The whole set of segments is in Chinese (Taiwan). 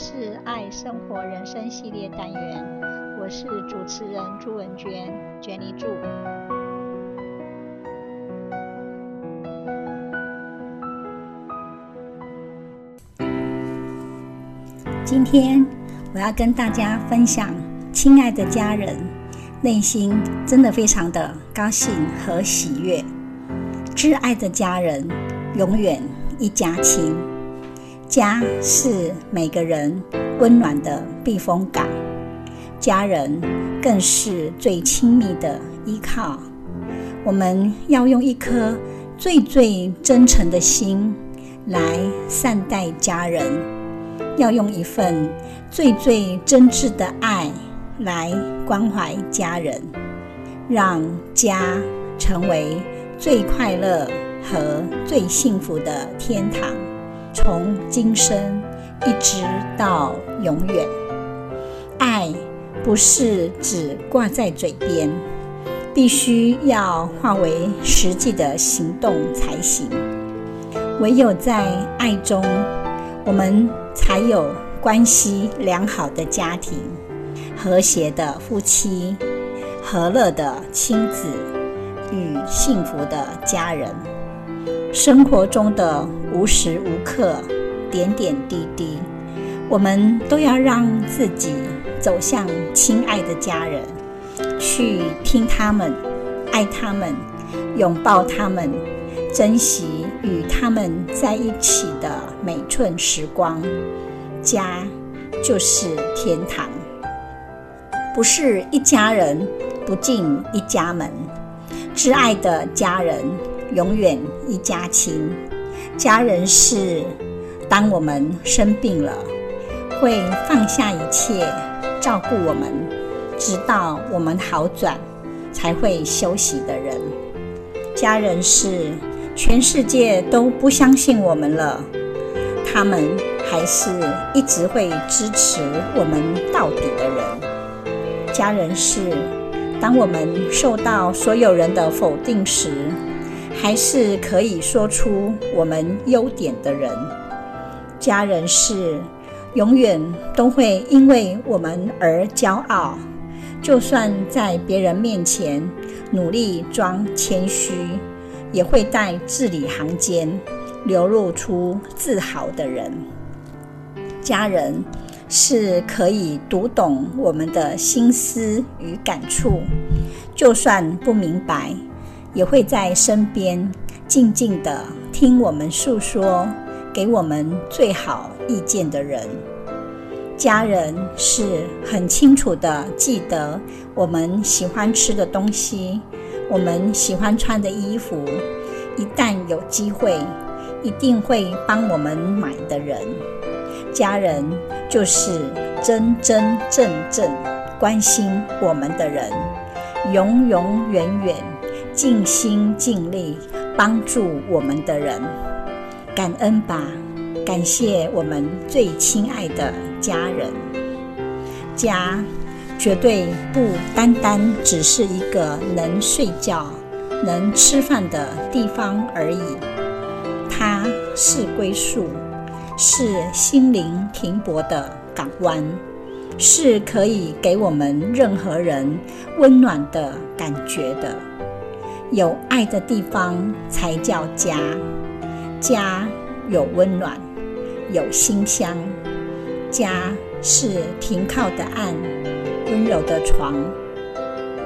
是愛生活人生系列單元，我是主持人朱文娟，娟妮朱。今天我要跟大家分享，親愛的家人，內心真的非常的高興和喜悅。摯愛的家人，永遠一家親。家是每個人溫暖的避風港，家人更是最親密的依靠。我們要用一顆最最真誠的心來善待家人，要用一份最最真摯的愛來關懷家人，讓家成為最快樂和最幸福的天堂。從今生一直到永遠，愛不是只掛在嘴邊，必須要化為實際的行動才行。唯有在愛中，我們才有關係良好的家庭、和諧的夫妻、和樂的親子與幸福的家人。生活中的，無時無刻，點點滴滴，我們都要讓自己走向親愛的家人，去聽他們，愛他們，擁抱他們，珍惜與他們在一起的每寸時光。家就是天堂，不是一家人不進一家門。摯愛的家人，永遠一家親。家人是，當我們生病了，會放下一切照顧我們，直到我們好轉才會休息的人。家人是，全世界都不相信我們了，他們還是一直會支持我們到底的人。家人是，當我們受到所有人的否定時，還是可以說出我們優點的人，家人是永遠都會因為我們而驕傲，就算在別人面前努力裝謙虛，也會在字裡行間流露出自豪的人。家人是可以讀懂我們的心思與感觸，就算不明白。也會在身邊靜靜的聽我們訴說，給我們最好意見的人，家人是很清楚的記得我們喜歡吃的東西，我們喜歡穿的衣服，一旦有機會，一定會幫我們買的人，家人就是真真正正關心我們的人，永永遠遠。盡心盡力幫助我們的人，感恩吧，感謝我們最親愛的家人。家絕對不單單只是一個能睡覺、能吃飯的地方而已，它是歸宿，是心靈停泊的港灣，是可以給我們任何人溫暖的感覺的。有愛的地方才叫家，家有溫暖，有馨香。家是停靠的岸，溫柔的床。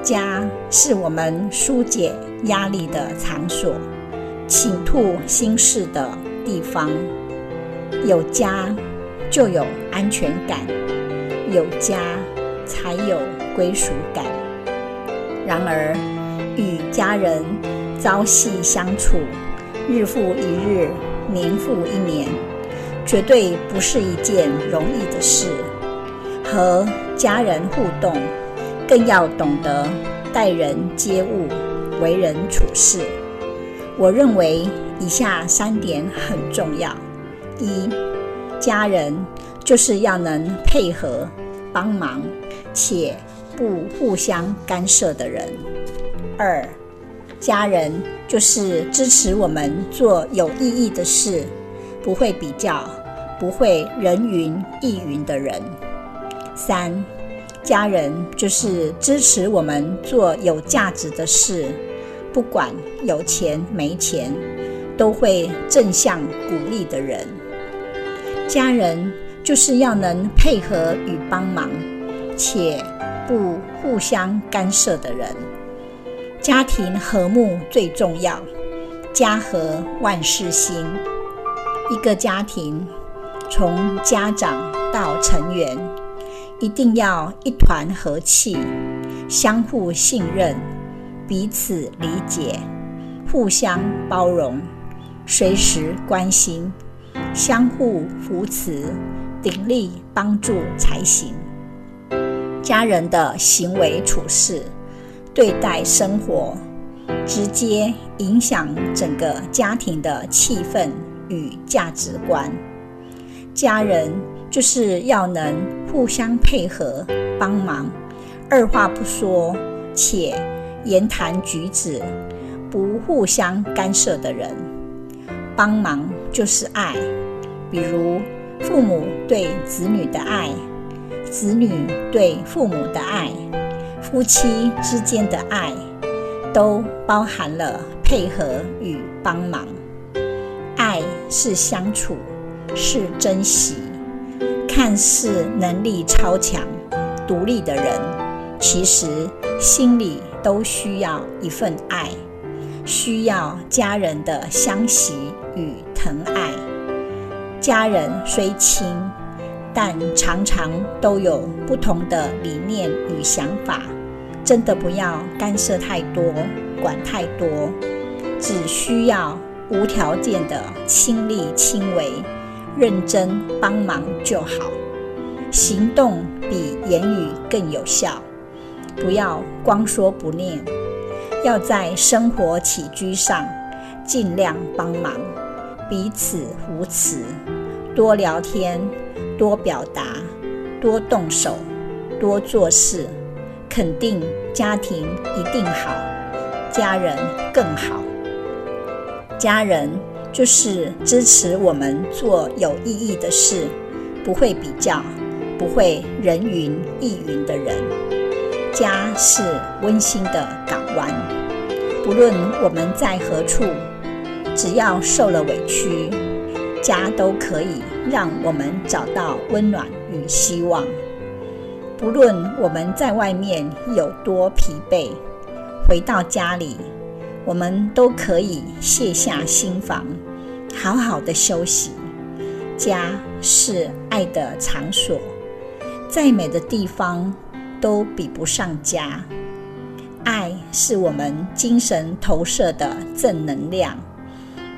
家是我們紓解壓力的場所，傾吐心事的地方。有家，就有安全感；有家，才有歸屬感。然而，與家人朝夕相處，日復一日，年復一年，絕對不是一件容易的事。和家人互動，更要懂得待人接物、為人處事。我認為以下三點很重要：一、家人就是要能配合、幫忙，且不互相干涉的人。二，家人就是支持我們做有意義的事，不會比較，不會人云亦云的人。三，家人就是支持我們做有價值的事，不管有錢沒錢，都會正向鼓勵的人。家人就是要能配合與幫忙，且不互相干涉的人。家庭和睦最重要，家和萬事興。一個家庭，從家長到成員，一定要一團和氣，相互信任，彼此理解，互相包容，隨時關心，相互扶持，鼎力幫助才行。家人的行為處事，對待生活，直接影響整個家庭的氣氛與價值觀。家人就是要能互相配合、幫忙，二話不說，且言談舉止不互相干涉的人。幫忙就是愛，比如父母對子女的愛，子女對父母的愛。夫妻之間的愛，都包含了配合與幫忙。愛是相處，是珍惜。看似能力超強、獨立的人，其實心裡都需要一份愛，需要家人的相惜與疼愛。家人雖親，但常常都有不同的理念與想法，真的不要干涉太多，管太多，只需要無條件的親力親為，認真幫忙就好。行動比言語更有效，不要光說不練，要在生活起居上盡量幫忙，彼此扶持，多聊天。多表達，多動手，多做事，肯定家庭一定好，家人更好。家人就是支持我們做有意義的事，不會比較，不會人云亦云的人。家是溫馨的港灣，不論我們在何處，只要受了委屈，家都可以。讓我們找到溫暖與希望。不論我們在外面有多疲憊，回到家裡，我們都可以卸下心防，好好的休息。家是愛的場所，再美的地方都比不上家。愛是我們精神投射的正能量，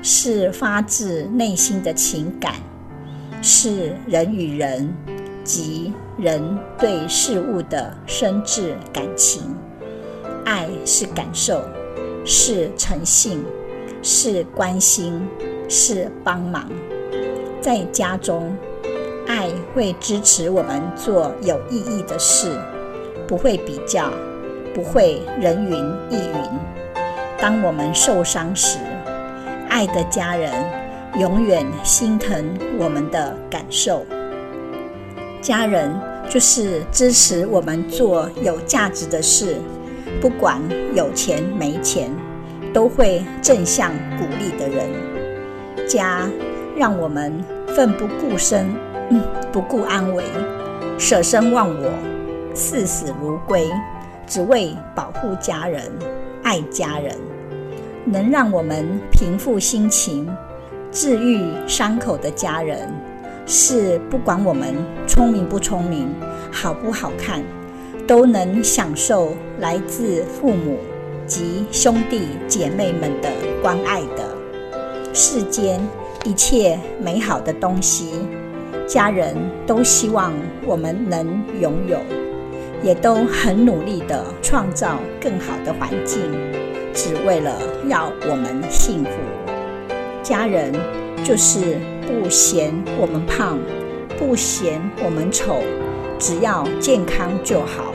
是發自內心的情感。是人與人及人對事物的深摯感情。愛是感受，是誠信，是關心，是幫忙。在家中，愛會支持我們做有意義的事，不會比較，不會人云亦云。當我們受傷時，愛的家人，永遠心疼我們的感受，家人就是支持我們做有價值的事，不管有錢沒錢，都會正向鼓勵的人。家讓我們奮不顧身，不顧安危，捨身忘我，視死如歸，只為保護家人、愛家人，能讓我們平復心情。治癒傷口的家人，是不管我們聰明不聰明、好不好看，都能享受來自父母及兄弟姐妹們的關愛的。世間一切美好的東西，家人都希望我們能擁有，也都很努力地創造更好的環境，只為了讓我們幸福。家人就是不嫌我們胖，不嫌我們醜，只要健康就好。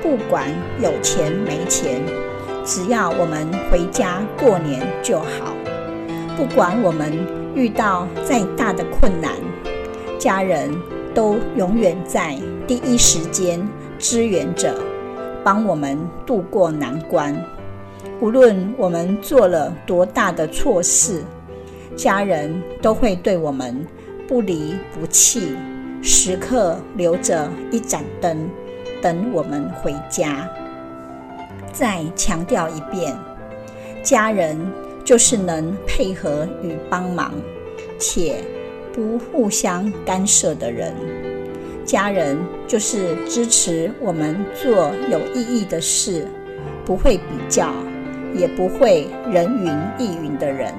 不管有錢沒錢，只要我們回家過年就好。不管我們遇到再大的困難，家人都永遠在第一時間支援着，幫我們渡過難關。無論我們做了多大的錯事，家人都會對我們不離不棄，時刻留着一盞燈，等我們回家。再強調一遍，家人就是能配合與幫忙，且不互相干涉的人。家人就是支持我們做有意義的事，不會比較，也不會人云亦云的人。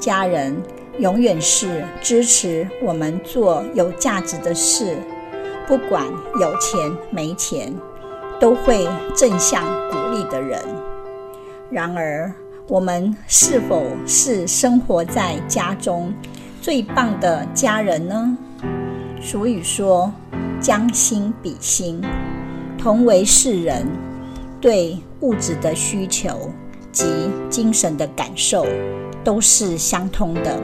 家人永遠是支持我們做有價值的事，不管有錢沒錢，都會正向鼓勵的人。然而，我們是否是生活在家中最棒的家人呢？俗語說，將心比心，同為世人，對物質的需求。及精神的感受都是相通的，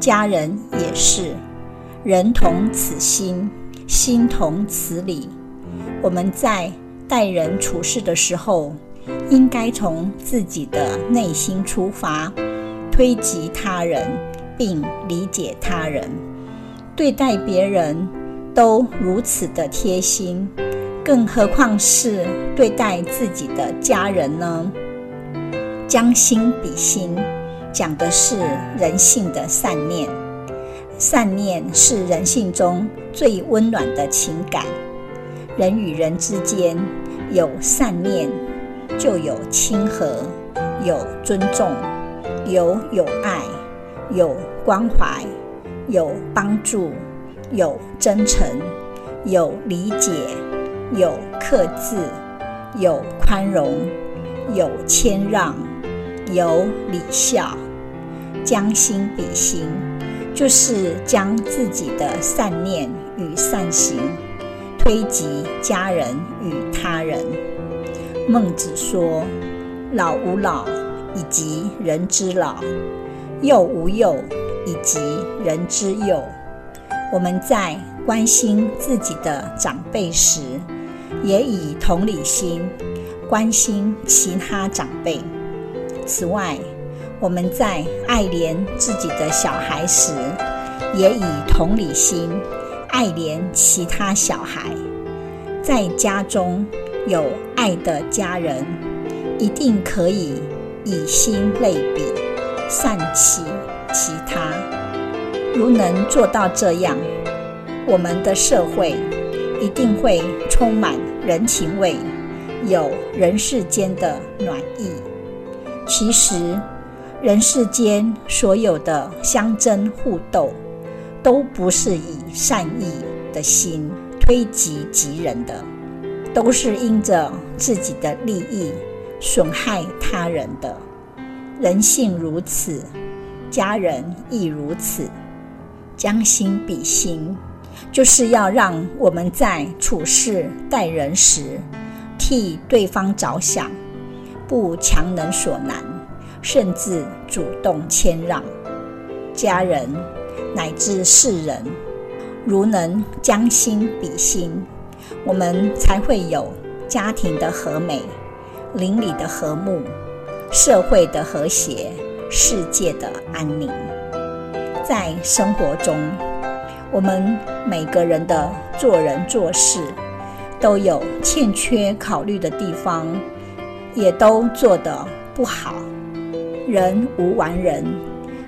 家人也是。人同此心，心同此理。我們在待人處事的時候，應該從自己的內心出發，推及他人，並理解他人。對待別人都如此的貼心，更何況是對待自己的家人呢？將心比心，講的是人性的善念。善念是人性中最溫暖的情感。人與人之間有善念，就有親和，有尊重，有友愛，有關懷，有幫助，有真誠，有理解，有克制，有寬容。有謙讓，有禮孝，將心比心，就是將自己的善念與善行推及家人與他人。孟子說：“老吾老，以及人之老，幼吾幼，以及人之幼。”我們在關心自己的長輩時，也以同理心，關心其他長輩。此外，我們在愛憐自己的小孩時，也以同理心愛憐其他小孩。在家中有愛的家人，一定可以以心類比，善其其他。如能做到這樣，我們的社會一定會充滿人情味。.有人世間的暖意。其實，人世間所有的相爭互鬥，都不是以善意的心推己及，及人的，都是因着自己的利益損害他人的。人性如此，家人亦如此。將心比心，就是要讓我們在處事待人時，替對方着想，不強人所難，甚至主動謙讓。家人乃至世人，如能將心比心，我們才會有家庭的和美、鄰里的和睦、社會的和諧、世界的安寧。在生活中，我們每個人的做人做事，都有欠缺考慮的地方，也都做得不好。人無完人，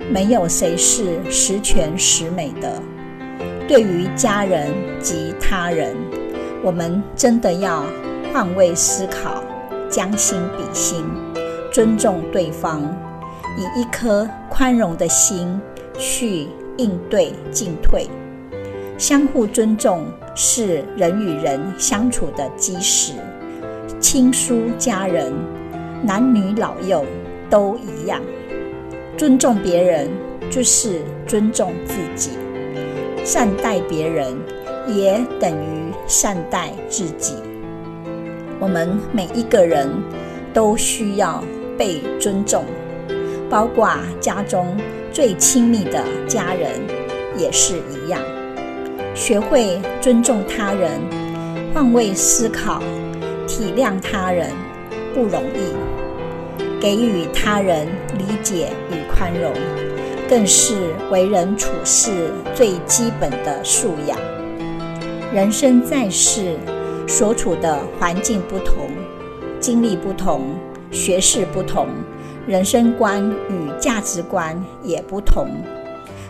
沒有誰是十全十美的。對於家人及他人，我們真的要換位思考，將心比心，尊重對方，以一顆寬容的心去應對進退。相互尊重是人與人相處的基石，親疏、家人、男女老幼都一樣。尊重別人就是尊重自己，善待別人也等於善待自己。我們每一個人都需要被尊重，包括家中最親密的家人也是一樣。學會尊重他人、換位思考、體諒他人不容易，給予他人理解與寬容，更是為人處世最基本的素養。人生在世，所處的環境不同，經歷不同，學識不同，人生觀與價值觀也不同，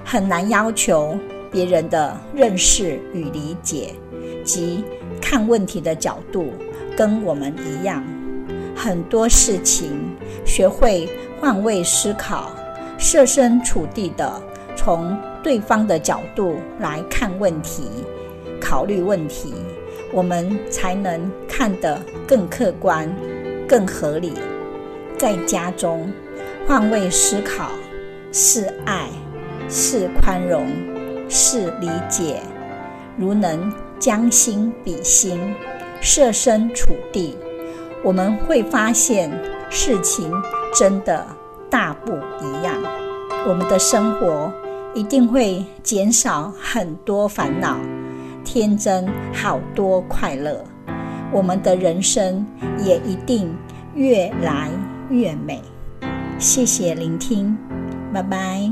很難要求。別人的認識與理解及看問題的角度跟我們一樣，很多事情學會換位思考，設身處地的從對方的角度來看問題、考慮問題，我們才能看得更客觀、更合理。在家中，換位思考是愛，是寬容。是理解，如能將心比心，設身處地，我們會發現事情真的大不一樣。我們的生活一定會減少很多煩惱，天真好多快樂，我們的人生也一定越來越美。謝謝聆聽，拜拜。